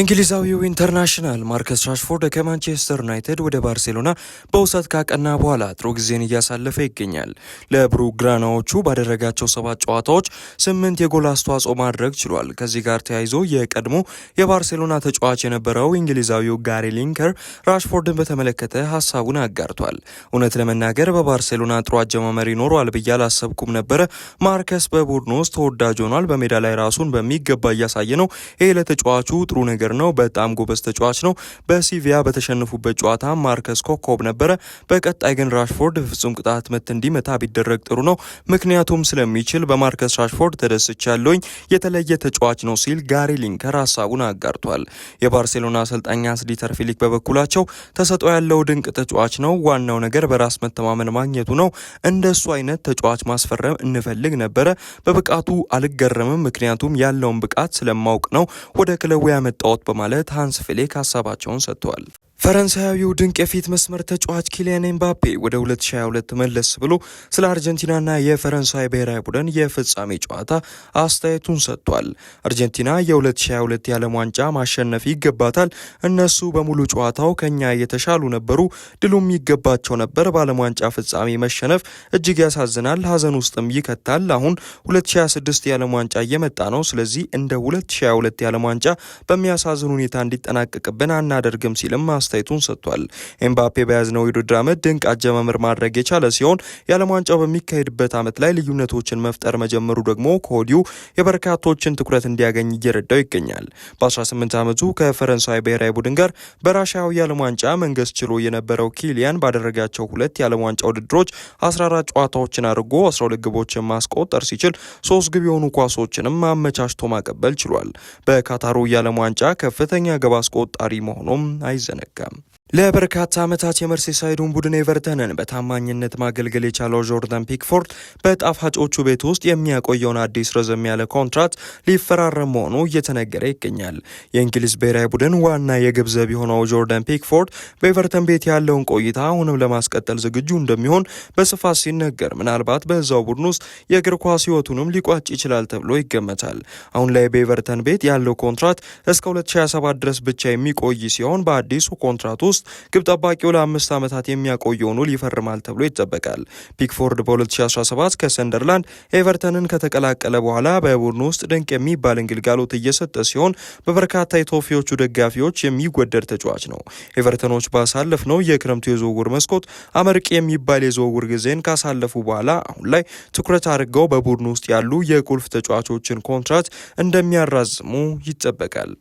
እንግሊዛዊው ኢንተርናሽናል ማርከስ ራሽፎርድ ከማንቸስተር ዩናይትድ ወደ ባርሴሎና በውሰት ካቀና በኋላ ጥሩ ጊዜን እያሳለፈ ይገኛል። ግራናዎቹ ባደረጋቸው ሰባት ጨዋታዎች ስምንት የጎል አስተዋጽኦ ማድረግ ችሏል። ከዚህ ጋር ተያይዞ የቀድሞ የባርሴሎና ተጫዋች የነበረው እንግሊዛዊው ጋሪ ሊንከር ራሽፎርድን በተመለከተ ሀሳቡን አጋርቷል። እውነት ለመናገር በባርሴሎና ጥሩ አጀማመር ይኖረዋል ብዬ አላሰብኩም ነበረ። ማርከስ በቡድኑ ውስጥ ተወዳጅ ሆኗል። በሜዳ ላይ ራሱን በሚገባ እያሳየ ነው። ይህ ለተጫዋቹ ጥሩ ነገር ነገር ነው። በጣም ጎበዝ ተጫዋች ነው። በሲቪያ በተሸነፉበት ጨዋታ ማርከስ ኮኮብ ነበረ። በቀጣይ ግን ራሽፎርድ ፍጹም ቅጣት ምት እንዲመታ ቢደረግ ጥሩ ነው፣ ምክንያቱም ስለሚችል በማርከስ ራሽፎርድ ተደስቻለሁኝ። የተለየ ተጫዋች ነው ሲል ጋሪ ሊንከር ሀሳቡን አጋርቷል። የባርሴሎና አሰልጣኝ ሃንስ ዲተር ፊሊክ በበኩላቸው ተሰጥኦ ያለው ድንቅ ተጫዋች ነው። ዋናው ነገር በራስ መተማመን ማግኘቱ ነው። እንደሱ አይነት ተጫዋች ማስፈረም እንፈልግ ነበረ። በብቃቱ አልገረምም፣ ምክንያቱም ያለውን ብቃት ስለማውቅ ነው ወደ ክለቡ ያመጣው በማለት ሃንስ ፌሊክ ሀሳባቸውን ሰጥተዋል። ፈረንሳያዊው ድንቅ የፊት መስመር ተጫዋች ኪሊያን ኤምባፔ ወደ 2022 መለስ ብሎ ስለ አርጀንቲናና የፈረንሳይ ብሔራዊ ቡድን የፍጻሜ ጨዋታ አስተያየቱን ሰጥቷል። አርጀንቲና የ2022 የዓለም ዋንጫ ማሸነፍ ይገባታል። እነሱ በሙሉ ጨዋታው ከኛ የተሻሉ ነበሩ፣ ድሉም ይገባቸው ነበር። በዓለም ዋንጫ ፍጻሜ መሸነፍ እጅግ ያሳዝናል፣ ሀዘን ውስጥም ይከታል። አሁን 2026 የዓለም ዋንጫ እየመጣ ነው። ስለዚህ እንደ 2022 የዓለም ዋንጫ በሚያሳዝን ሁኔታ እንዲጠናቀቅብን አናደርግም ሲልም አስተ አስተያየቱን ሰጥቷል። ኤምባፔ በያዝነው የውድድር ዓመት ድንቅ አጀማመር ማድረግ የቻለ ሲሆን የዓለም ዋንጫው በሚካሄድበት ዓመት ላይ ልዩነቶችን መፍጠር መጀመሩ ደግሞ ከወዲሁ የበርካቶችን ትኩረት እንዲያገኝ እየረዳው ይገኛል። በ18 ዓመቱ ከፈረንሳዊ ብሔራዊ ቡድን ጋር በራሻዊ የዓለም ዋንጫ መንገስ ችሎ የነበረው ኪሊያን ባደረጋቸው ሁለት የዓለም ዋንጫ ውድድሮች 14 ጨዋታዎችን አድርጎ 12 ግቦችን ማስቆጠር ሲችል ሶስት ግብ የሆኑ ኳሶችንም አመቻችቶ ማቀበል ችሏል። በካታሩ የዓለም ዋንጫ ከፍተኛ ግብ አስቆጣሪ መሆኑም አይዘነጋም። income ለበርካታ ዓመታት የመርሴሳይዱን ቡድን ኤቨርተንን በታማኝነት ማገልገል የቻለው ጆርዳን ፒክፎርድ በጣፋጮቹ ቤት ውስጥ የሚያቆየውን አዲስ ረዘም ያለ ኮንትራት ሊፈራረም መሆኑ እየተነገረ ይገኛል። የእንግሊዝ ብሔራዊ ቡድን ዋና የግብ ዘብ የሆነው ጆርዳን ፒክፎርድ በኤቨርተን ቤት ያለውን ቆይታ አሁንም ለማስቀጠል ዝግጁ እንደሚሆን በስፋት ሲነገር፣ ምናልባት በዛው ቡድን ውስጥ የእግር ኳስ ህይወቱንም ሊቋጭ ይችላል ተብሎ ይገመታል። አሁን ላይ በኤቨርተን ቤት ያለው ኮንትራት እስከ 2027 ድረስ ብቻ የሚቆይ ሲሆን በአዲሱ ኮንትራት ውስጥ ግብ ጠባቂው ለአምስት ዓመታት የሚያቆየውን ውል ይፈርማል ተብሎ ይጠበቃል። ፒክፎርድ በ2017 ከሰንደርላንድ ኤቨርተንን ከተቀላቀለ በኋላ በቡድኑ ውስጥ ድንቅ የሚባል እንግልጋሎት እየሰጠ ሲሆን በበርካታ የቶፊዎቹ ደጋፊዎች የሚወደድ ተጫዋች ነው። ኤቨርተኖች ነው የክረምቱ የዝውውር መስኮት አመርቂ የሚባል የዝውውር ጊዜን ካሳለፉ በኋላ አሁን ላይ ትኩረት አድርገው በቡድኑ ውስጥ ያሉ የቁልፍ ተጫዋቾችን ኮንትራት እንደሚያራዝሙ ይጠበቃል።